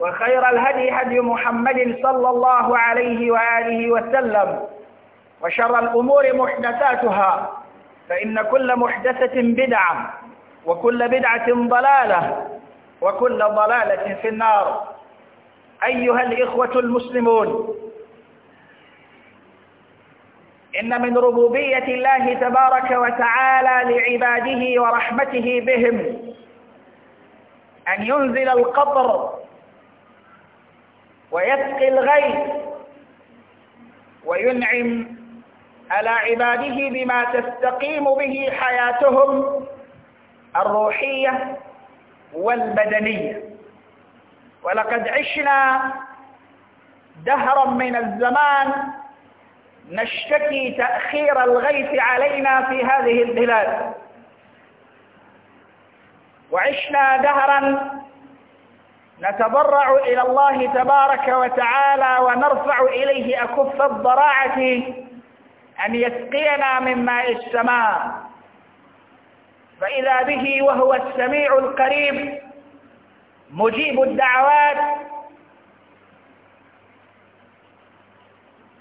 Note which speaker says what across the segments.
Speaker 1: وخير الهدي هدي محمد صلى الله عليه وآله وسلم وشر الأمور محدثاتها فإن كل محدثة بدعة وكل بدعة ضلالة وكل ضلالة في النار أيها الإخوة المسلمون إن من ربوبية الله تبارك وتعالى لعباده ورحمته بهم أن ينزل القبر ويسقي الغيث وينعم على عباده بما تستقيم به حياتهم الروحية والبدنية ولقد عشنا دهرا من الزمان نشتكي تأخير الغيث علينا في هذه البلاد وعشنا دهرا نتضرع إلى الله تبارك وتعالى ونرفع إليه أكف الضراعة أن يسقينا من ماء السماء فإذا به وهو السميع القريب مجيب الدعوات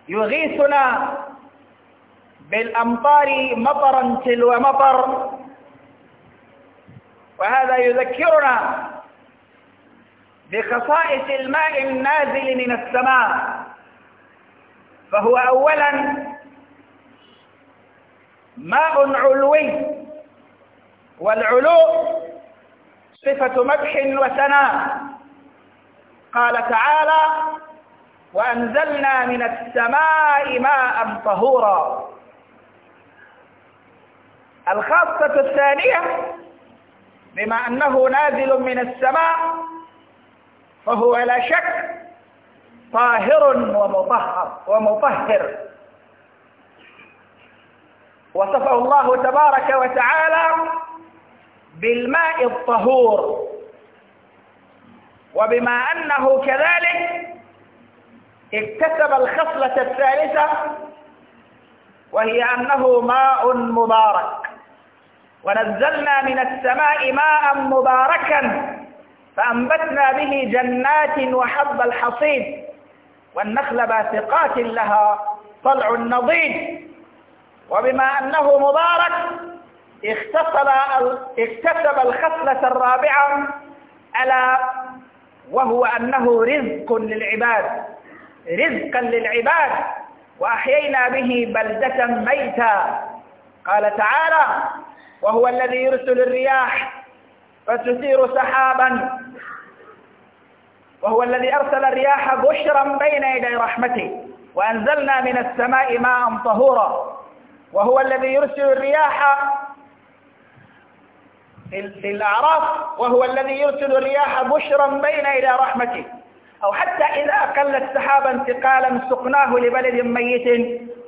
Speaker 1: يغيثنا بالأمطار مطرا تلو مطر وهذا يذكرنا بخصائص الماء النازل من السماء فهو أولا ماء علوي والعلو صفة مدح وثناء قال تعالى وأنزلنا من السماء ماء طهورا الخاصة الثانية بما أنه نازل من السماء فهو لا شك طاهر ومطهر ومطهر وصفه الله تبارك وتعالى بالماء الطهور وبما أنه كذلك اكتسب الخصلة الثالثة وهي أنه ماء مبارك ونزلنا من السماء ماء مباركا فأنبتنا به جنات وحب الحصيد والنخل باسقات لها طلع نضيد وبما أنه مبارك اكتسب اكتسب الخصلة الرابعة ألا وهو أنه رزق للعباد رزقا للعباد وأحيينا به بلدة ميتا قال تعالى وهو الذي يرسل الرياح فتثير سحابا وهو الذي أرسل الرياح بشرا بين يدي رحمته وأنزلنا من السماء ماء طهورا وهو الذي يرسل الرياح في الأعراف وهو الذي يرسل الرياح بشرا بين يدي رحمته أو حتى إذا أقل السحاب انتقالا سقناه لبلد ميت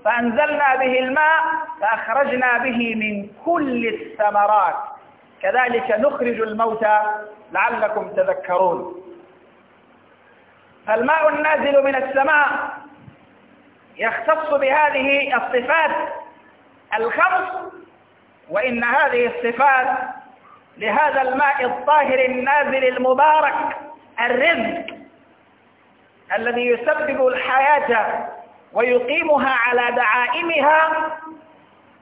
Speaker 1: فأنزلنا به الماء فأخرجنا به من كل الثمرات كذلك نخرج الموتى لعلكم تذكرون فالماء النازل من السماء يختص بهذه الصفات الخمس وإن هذه الصفات لهذا الماء الطاهر النازل المبارك الرزق الذي يسبب الحياة ويقيمها على دعائمها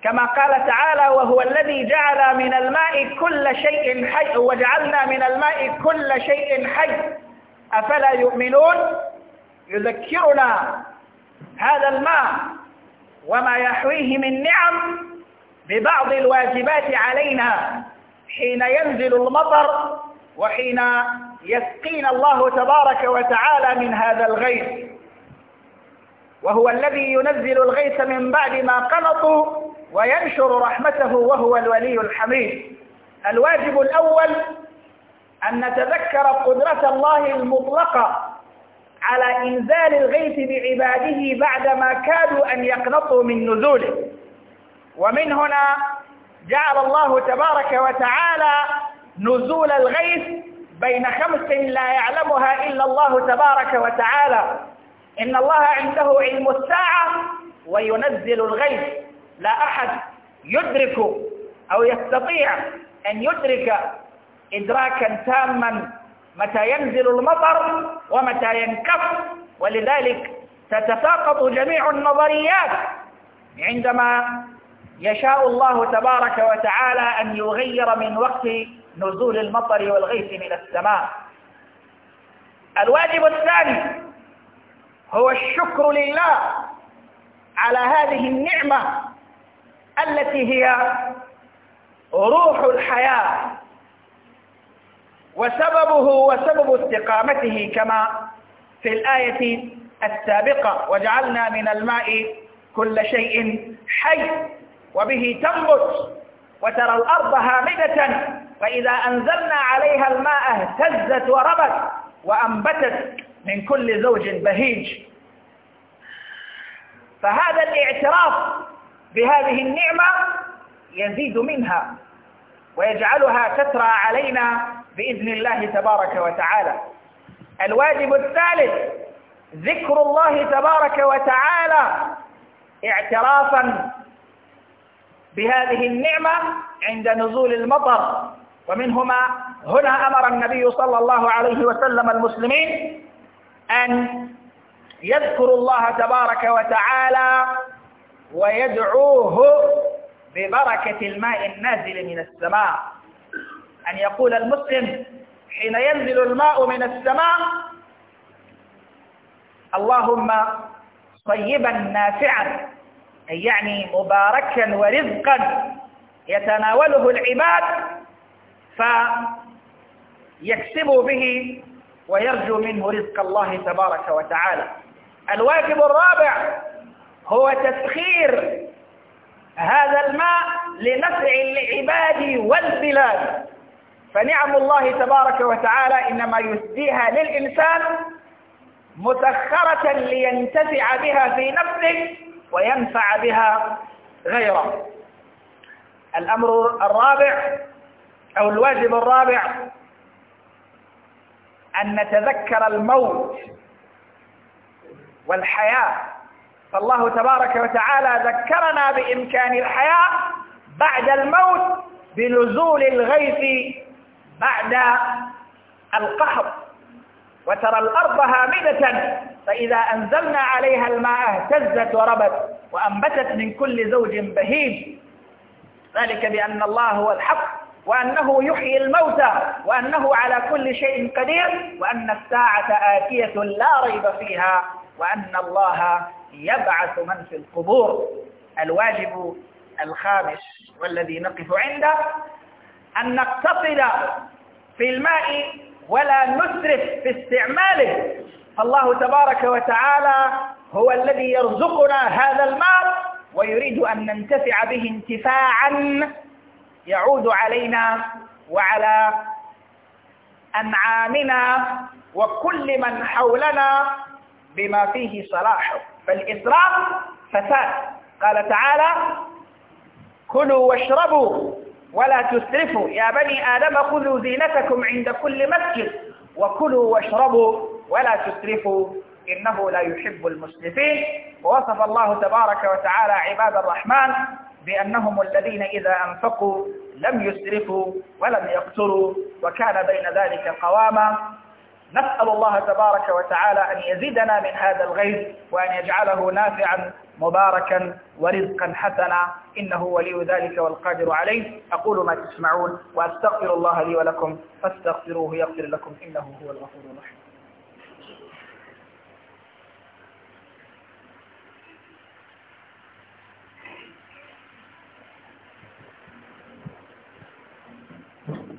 Speaker 1: كما قال تعالى وهو الذي جعل من الماء كل شيء حي وجعلنا من الماء كل شيء حي أفلا يؤمنون يذكرنا هذا الماء وما يحويه من نعم ببعض الواجبات علينا حين ينزل المطر وحين يسقينا الله تبارك وتعالى من هذا الغيث وهو الذي ينزل الغيث من بعد ما قنطوا وينشر رحمته وهو الولي الحميد الواجب الأول أن نتذكر قدرة الله المطلقة على إنزال الغيث بعباده بعدما كادوا أن يقنطوا من نزوله ومن هنا جعل الله تبارك وتعالى نزول الغيث بين خمس لا يعلمها إلا الله تبارك وتعالى إن الله عنده علم الساعة وينزل الغيث لا أحد يدرك أو يستطيع أن يدرك إدراكا تاما متى ينزل المطر ومتى ينكف ولذلك تتساقط جميع النظريات عندما يشاء الله تبارك وتعالى أن يغير من وقت نزول المطر والغيث من السماء الواجب الثاني هو الشكر لله على هذه النعمة التي هي روح الحياة وسببه وسبب استقامته كما في الآية السابقة وجعلنا من الماء كل شيء حي وبه تنبت وترى الأرض هامدة فإذا أنزلنا عليها الماء اهتزت وربت وأنبتت من كل زوج بهيج فهذا الاعتراف بهذه النعمة يزيد منها ويجعلها تترى علينا بإذن الله تبارك وتعالى الواجب الثالث ذكر الله تبارك وتعالى اعترافا بهذه النعمة عند نزول المطر ومنهما هنا أمر النبي صلى الله عليه وسلم المسلمين أن يذكروا الله تبارك وتعالى ويدعوه ببركة الماء النازل من السماء أن يقول المسلم حين ينزل الماء من السماء اللهم طيبا نافعا أي يعني مباركا ورزقا يتناوله العباد فيكسب به ويرجو منه رزق الله تبارك وتعالى الواجب الرابع هو تسخير هذا الماء لنفع العباد والبلاد فنعم الله تبارك وتعالى إنما يسديها للإنسان مسخرة لينتفع بها في نفسه وينفع بها غيره الأمر الرابع أو الواجب الرابع أن نتذكر الموت والحياة فالله تبارك وتعالى ذكرنا بإمكان الحياة بعد الموت بنزول الغيث بعد القحط وترى الأرض هامدة فإذا أنزلنا عليها الماء اهتزت وربت وأنبتت من كل زوج بهيج ذلك بأن الله هو الحق وأنه يحيي الموتى وأنه على كل شيء قدير وأن الساعة آتية لا ريب فيها وأن الله يبعث من في القبور الواجب الخامس والذي نقف عنده أن نقتصد في الماء ولا نسرف في استعماله فالله تبارك وتعالى هو الذي يرزقنا هذا المال ويريد أن ننتفع به انتفاعا يعود علينا وعلى أنعامنا وكل من حولنا بما فيه صلاحه فالإسراف فساد قال تعالى كلوا واشربوا ولا تسرفوا يا بني آدم خذوا زينتكم عند كل مسجد وكلوا واشربوا ولا تسرفوا إنه لا يحب المسرفين ووصف الله تبارك وتعالى عباد الرحمن بأنهم الذين إذا أنفقوا لم يسرفوا ولم يقتروا وكان بين ذلك قواما نسأل الله تبارك وتعالى أن يزيدنا من هذا الغيث وأن يجعله نافعا مباركا ورزقا حسنا إنه ولي ذلك والقادر عليه أقول ما تسمعون وأستغفر الله لي ولكم فاستغفروه يغفر لكم إنه هو الغفور الرحيم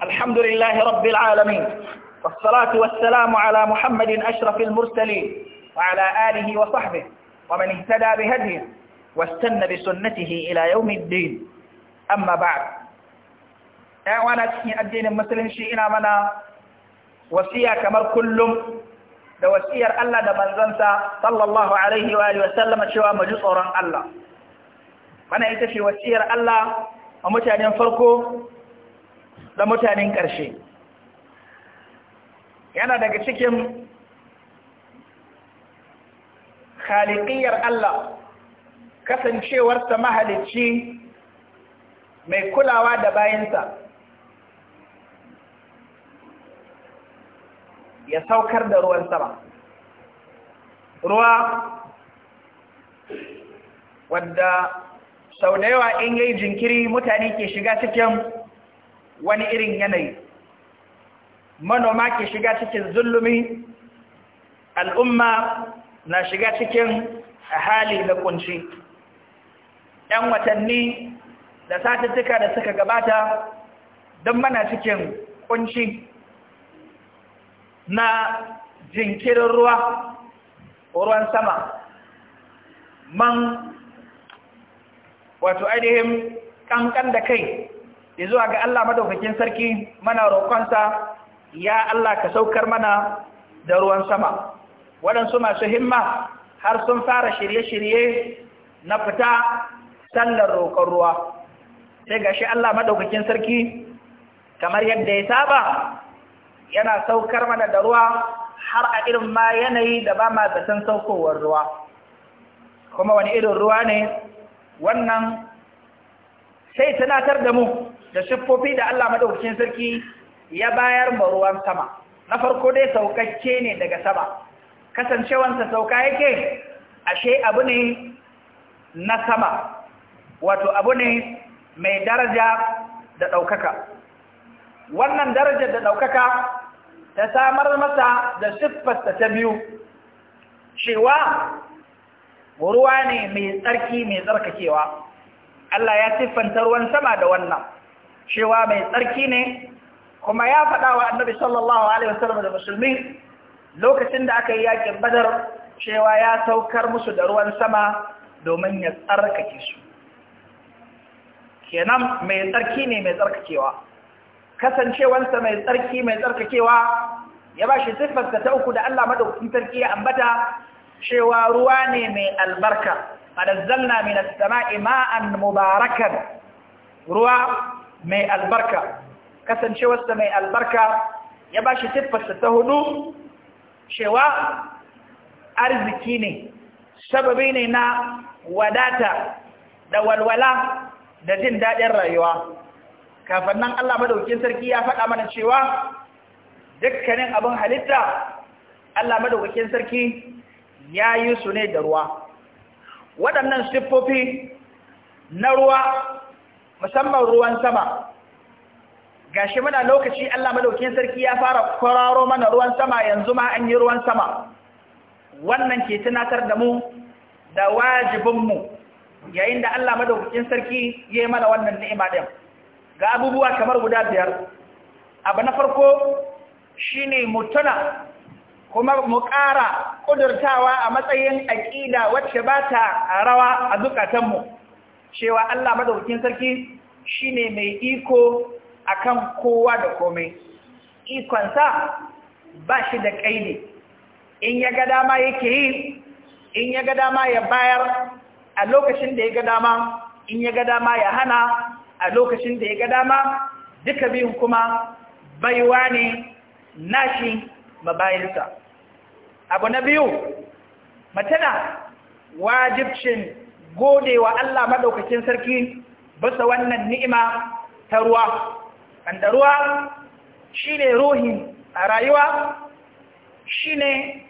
Speaker 1: الحمد لله رب العالمين والصلاة والسلام على محمد أشرف المرسلين وعلى آله وصحبه ومن اهتدى بهديه واستنى بسنته إلى يوم الدين أما بعد أعوانا تحيي الدين المسلم شئنا منا وسيا كمر كلهم دوسيا ألا دمان زنسا صلى الله عليه وآله وسلم شوى مجسورا ألا من يتشي وسيا ألا ومتعني فرقه ومتعني كرشي yana daga cikin khaliƙiyar Allah kasancewarsa mahalicci mai kulawa da bayansa ya saukar da ruwan sama ruwa wadda sau da yawa in yayi jinkiri mutane ke shiga cikin wani irin yanayi manoma ke shiga cikin zulumi al'umma na shiga cikin hali da kunci ‘yan watanni da satuttuka da suka gabata don mana cikin kunci na jinkirin ruwa ruwan sama man wato ainihin kankan da kai zuwa ga Allah madaukakin sarki mana roƙonsa ya Allah ka saukar mana da ruwan sama waɗansu masu himma har sun fara shirye-shirye na fita sallar roƙon ruwa sai ga shi Allah maɗaukakin sarki kamar yadda ya saba yana saukar mana da ruwa har a irin ma yanayi da ba ma zaton saukowar ruwa kuma wani irin ruwa ne wannan sai tunatar da mu da siffofi da Allah maɗaukakin sarki ya bayar ma ruwan sama na farko dai saukacce ne daga sama kasancewansa sauka yake ashe abu ne na sama wato abu ne mai daraja da ɗaukaka wannan daraja da ɗaukaka ta samar masa da siffarsa ta biyu cewa ruwa ne mai tsarki mai tsarkakewa Allah ya siffanta ruwan sama da wannan cewa mai tsarki ne kuma ya faɗa wa annabi sallallahu alaihi wasallam da musulmi lokacin da aka yi yakin badar cewa ya saukar musu da ruwan sama domin ya tsarkake su kenan mai tsarki ne mai tsarkakewa kasancewansa mai tsarki mai tsarkakewa ya ba shi siffarsa ta uku da Allah madaukakin sarki ya ambata cewa ruwa ne mai albarka fadazzalna minas sama'i ma'an mubarakan ruwa mai albarka kasancewarsa mai albarka ya ba shi siffarsa ta hudu cewa arziki ne sababi ne na wadata da walwala da jin daɗin rayuwa kafin nan Allah madaukin sarki ya faɗa mana cewa dukkanin abin halitta Allah madaukin sarki ya yi su ne da ruwa waɗannan siffofi na ruwa musamman ruwan sama gashi muna lokaci Allah madaukin sarki ya fara kwararo mana ruwan sama yanzu ma an yi ruwan sama wannan ke tunatar da mu da wajibinmu yayin da Allah Madaukin sarki ya yi mana wannan ni'ima din ga abubuwa kamar guda biyar abu na farko shine mutuna kuma mu ƙara ƙudurtawa a matsayin aƙida wacce ba ta rawa a zukatanmu cewa Allah Madaukin sarki shine mai iko akan kowa da komai ikonsa ba shi da ƙaidi in ya ga dama yake yi in ya ga dama ya bayar a lokacin da ya ga dama in ya ga dama ya hana a lokacin da ya ga dama duka biyun kuma baiwa ne nashi mabayinsa abu na biyu matana wajibcin gode wa Allah maɗaukacin sarki basa wannan ni'ima ta ruwa ƙandaruwa shi ne ruhin a rayuwa shi ne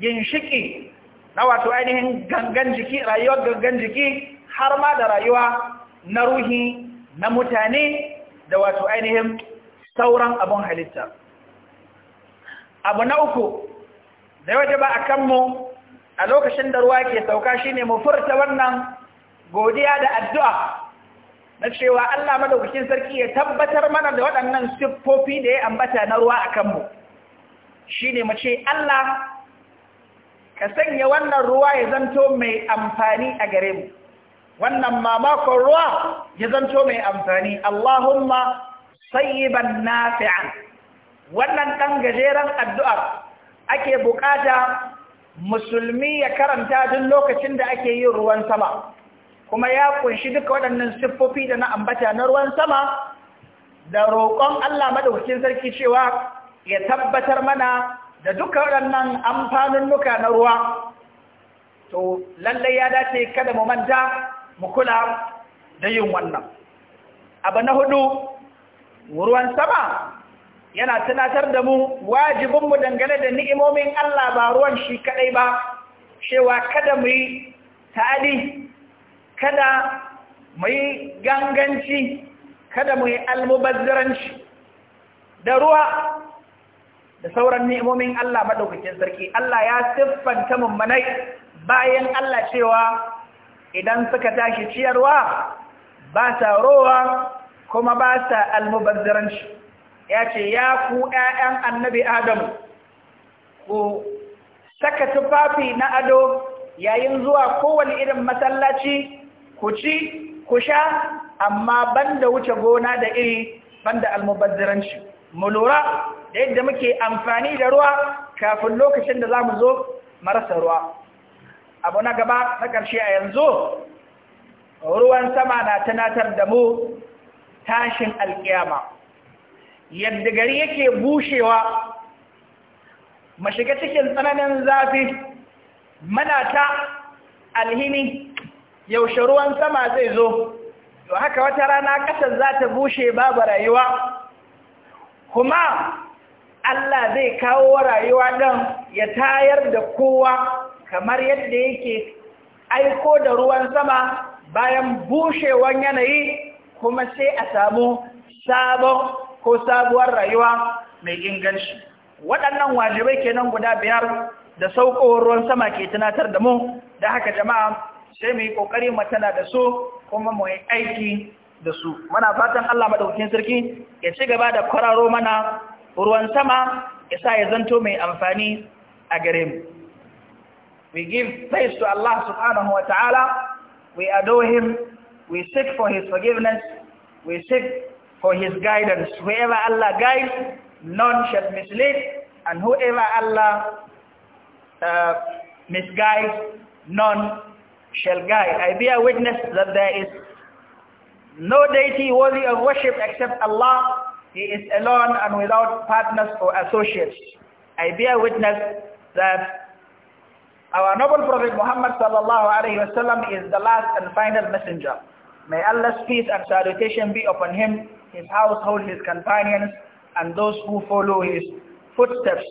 Speaker 1: ginshiki na wato ainihin gangan jiki rayuwar gangan jiki har ma da rayuwa na ruhi na mutane da wato ainihin sauran abun halitta abu na uku da yawa ba a kanmu a lokacin da ruwa ke sauka shi ne mu furta wannan godiya da addu'a na cewa Allah madaukakin sarki ya tabbatar mana da waɗannan siffofi da ya ambata na ruwa a kanmu shi ne mace Allah ka sanya wannan ruwa ya zanto mai amfani a gare mu wannan mamakon ruwa ya zanto mai amfani Allahumma sayyiban nafi'an wannan ɗan gajeren addu'ar ake bukata musulmi ya karanta duk lokacin da ake yin ruwan sama kuma ya kunshi duka waɗannan siffofi da na ambata na ruwan sama da roƙon Allah maɗaukin sarki cewa ya tabbatar mana da duka waɗannan amfanin nuka na ruwa to lallai ya dace kada mu manta mu kula da yin wannan abu na hudu ruwan sama yana tunatar da mu wajibinmu dangane da ni'imomin Allah ba ruwan shi kaɗai ba cewa kada mu yi ta'adi kada mu yi ganganci kada mu yi almubazziranci da ruwa da sauran ni'imomin Allah madaukakin sarki Allah ya siffanta mummunai bayan Allah cewa idan suka tashi ciyarwa ba sa rowa kuma ba sa almubazziranci ya ce ya ku ƴaƴan annabi adam ku saka tufafi na ado yayin zuwa kowane irin masallaci ku ci ku sha amma banda wuce gona da iri banda almubazziranci mu lura da yadda muke amfani da ruwa kafin lokacin da za mu zo marasa ruwa abu na gaba na ƙarshe a yanzu ruwan sama na tunatar da mu tashin alƙiyama yadda gari yake bushewa mashiga cikin tsananin zafi mana ta alhini yaushe ruwan sama zai zo to haka wata rana ƙasar za ta bushe babu rayuwa kuma Allah zai kawo rayuwa ɗan ya tayar da kowa kamar yadda yake aiko da ruwan sama bayan bushewan yanayi kuma sai a samu sabon ko sabuwar rayuwa mai inganci waɗannan wajibai kenan guda biyar da saukowar ruwan sama ke tunatar da mu da haka jama'a sai mu yi kokari mu da su kuma mu yi aiki da su muna fatan Allah madaukakin sarki ya ci gaba da kwararo mana ruwan sama ya sa ya zanto mai amfani a gare mu we give thanks to Allah subhanahu wa ta'ala we adore him we seek for his forgiveness we seek for his guidance wherever Allah guides none shall mislead and whoever Allah uh, misguides none shall guide. I bear witness that there is no deity worthy of worship except Allah. He is alone and without partners or associates. I bear witness that our noble Prophet Muhammad sallallahu alayhi wasallam is the last and final messenger. May Allah's peace and salutation be upon him, his household, his companions, and those who follow his footsteps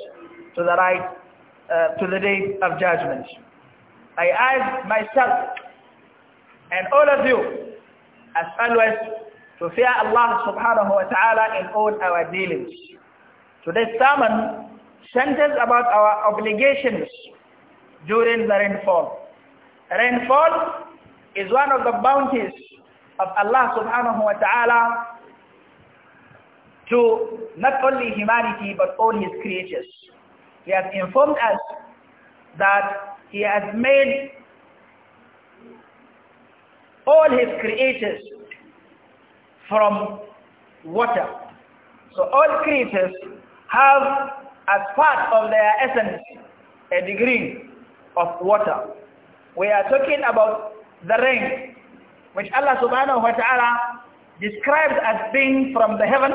Speaker 1: to the right, uh, to the day of judgment. I ask myself and all of you as always to fear Allah subhanahu wa ta'ala in all our dealings. Today's sermon centers about our obligations during the rainfall. Rainfall is one of the bounties of Allah subhanahu wa ta'ala to not only humanity but all his creatures. He has informed us that he has made all his creatures from water. So all creatures have as part of their essence a degree of water. We are talking about the rain which Allah subhanahu wa ta'ala describes as being from the heaven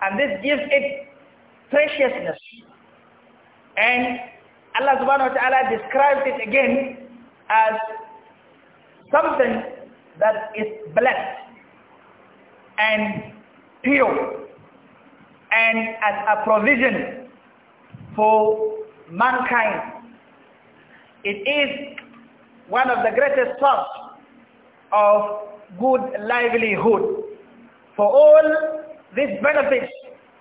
Speaker 1: and this gives it preciousness and Allah subhanahu wa ta'ala described it again as something that is blessed and pure and as a provision for mankind. It is one of the greatest source of good livelihood. For all these benefits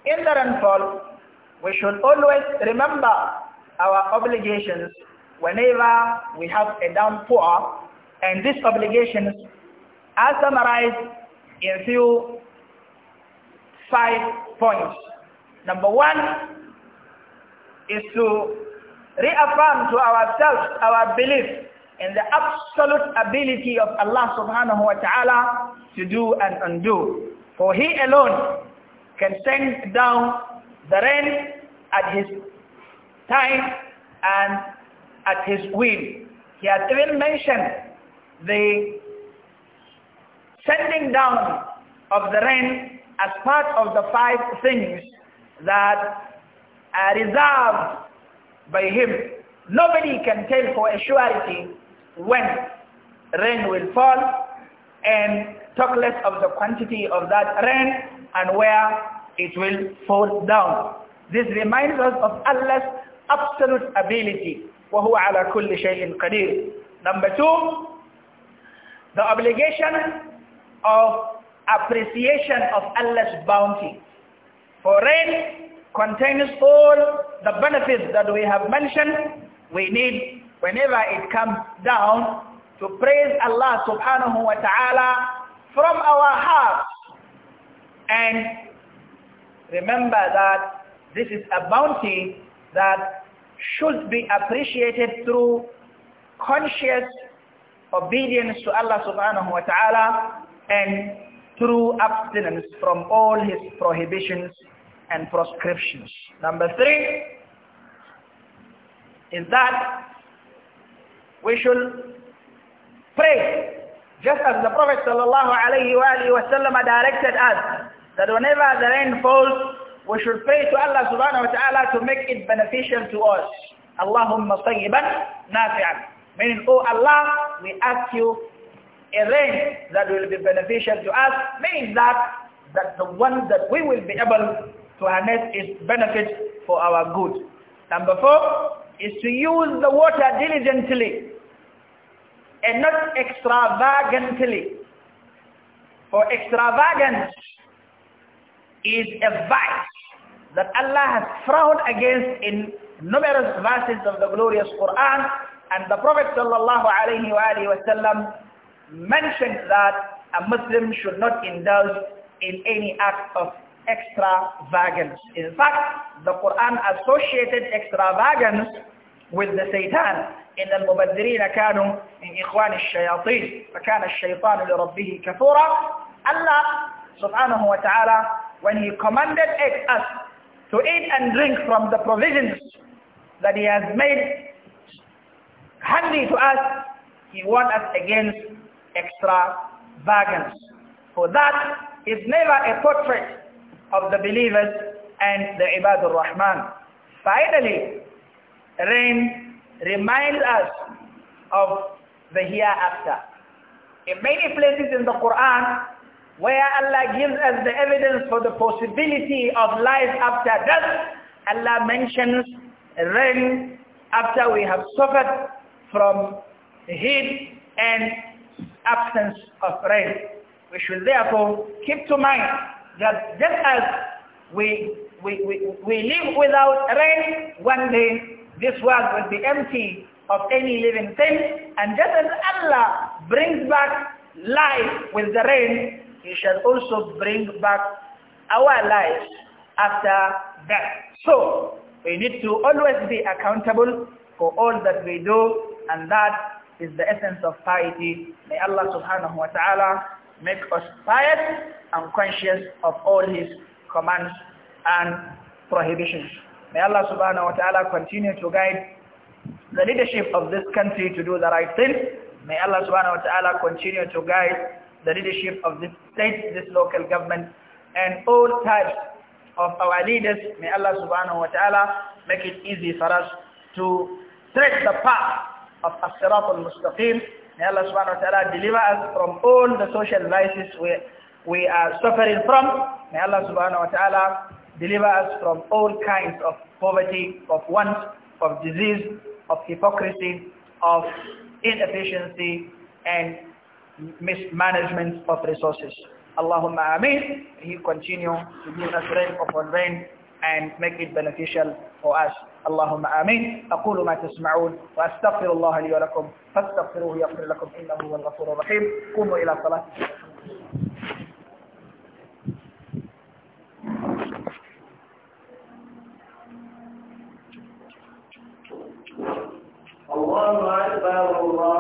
Speaker 1: in the rainfall, we should always remember our obligations whenever we have a downpour and these obligations are summarized in few five points. Number one is to reaffirm to ourselves our belief in the absolute ability of Allah subhanahu wa ta'ala to do and undo. For he alone can send down the rain at his time and at his will. He had even mentioned the sending down of the rain as part of the five things that are reserved by him. Nobody can tell for a surety when rain will fall and talk less of the quantity of that rain and where it will fall down. This reminds us of Allah's absolute ability. وَهُوَ عَلَى كُلِّ شَيْءٍ قَدِيرٍ Number two, the obligation of appreciation of Allah's bounty. For rain contains all the benefits that we have mentioned. We need, whenever it comes down, to praise Allah subhanahu wa ta'ala from our hearts. And remember that this is a bounty that should be appreciated through conscious obedience to Allah subhanahu wa ta'ala and through abstinence from all his prohibitions and proscriptions. Number three is that we should pray just as the Prophet sallallahu alayhi wa directed us that whenever the rain falls we should pray to Allah subhanahu wa ta'ala to make it beneficial to us. Allahumma tayyiban nafi'an. Meaning, oh Allah, we ask you a rain that will be beneficial to us, meaning that, that the one that we will be able to harness its benefit for our good. Number four is to use the water diligently and not extravagantly. For extravagance is a vice that Allah has frowned against in numerous verses of the glorious Quran and the Prophet sallallahu alaihi wasallam mentioned that a Muslim should not indulge in any act of extravagance. In fact, the Quran associated extravagance with the Satan. إن المبذرين كانوا من إخوان الشياطين فكان الشيطان لربه كفورا Allah سبحانه wa when he commanded us to eat and drink from the provisions that he has made handy to us, he warned us against bargains. For that is never a portrait of the believers and the Ibadur Rahman. Finally, rain reminds us of the hereafter. In many places in the Quran, where Allah gives us the evidence for the possibility of life after death, Allah mentions rain after we have suffered from heat and absence of rain. We should therefore keep to mind that just as we, we, we, we live without rain, one day this world will be empty of any living thing. And just as Allah brings back life with the rain, he shall also bring back our lives after death. So, we need to always be accountable for all that we do and that is the essence of piety. May Allah subhanahu wa ta'ala make us pious and conscious of all his commands and prohibitions. May Allah subhanahu wa ta'ala continue to guide the leadership of this country to do the right thing. May Allah subhanahu wa ta'ala continue to guide the leadership of this state, this local government, and all types of our leaders. May Allah subhanahu wa ta'ala make it easy for us to tread the path of as-sirat al-mustaqim. May Allah subhanahu wa ta'ala deliver us from all the social vices we, we are suffering from. May Allah subhanahu wa ta'ala deliver us from all kinds of poverty, of want, of disease, of hypocrisy, of inefficiency, and mismanagement of resources. Allahumma ameen. He continues to give us rain upon rain and make it beneficial for us. اللهم آمين أقول ما تسمعون وأستغفر الله لي ولكم فاستغفروه يغفر لكم إنه هو الغفور الرحيم قوموا إلى الصلاة